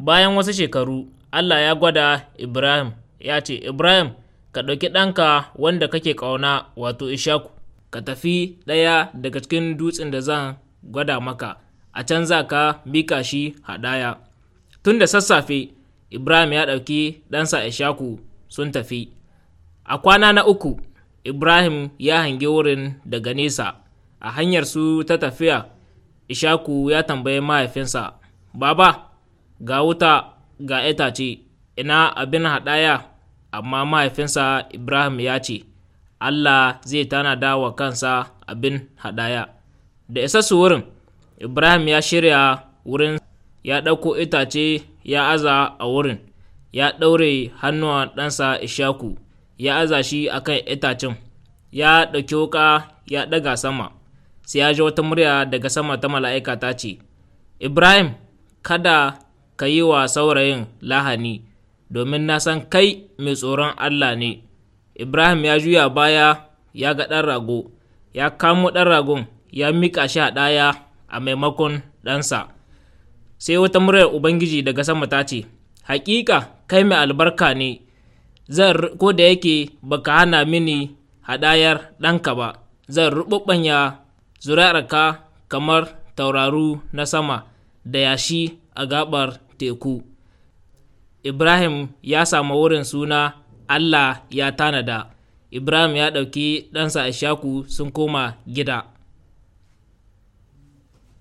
Bayan wasu shekaru, Allah ya gwada Ibrahim, ya ce, Ibrahim, ka ɗauki ɗanka wanda kake ƙauna wato Ishaku, ka tafi ɗaya daga cikin dutsen da zan gwada maka, a can za ka bika shi hadaya. Tun da sassafe, Ibrahim ya ɗauki ɗansa Ishaku sun tafi. A kwana na uku, Ibrahim ya hangi wurin daga nesa, a hanyar su ta tafiya, Ishaku ya tambayi mahaifinsa, Baba, ga wuta ga itace ina abin haɗaya amma mahaifinsa ibrahim ya ce allah zai tanada wa kansa abin haɗaya da isa su wurin ibrahim ya shirya wurin ya ɗauko itace ya aza a wurin ya ɗaure hannuwan ɗansa ishaku ya aza shi a kan itacen ya ɗauki wuƙa ya ɗaga sama sai ya ji wata murya daga sama ta mala'ika ta ce ibrahim kada ka yi wa saurayin lahani domin na san kai mai tsoron Allah ne Ibrahim ya juya baya ya ga ɗan rago ya kamo ɗan ragon ya miƙa shi a ɗaya a maimakon ɗansa sai wata muryar Ubangiji daga sama ta ce hakika kai mai albarka ne zan ko da yake baka hana mini hadayar ɗanka ba zan ruɓuɓɓanya zuri'arka kamar tauraru na sama da yashi a gaɓar teku ibrahim ya samu wurin suna allah ya tanada ibrahim ya ɗauki ɗansa ishaku sun koma gida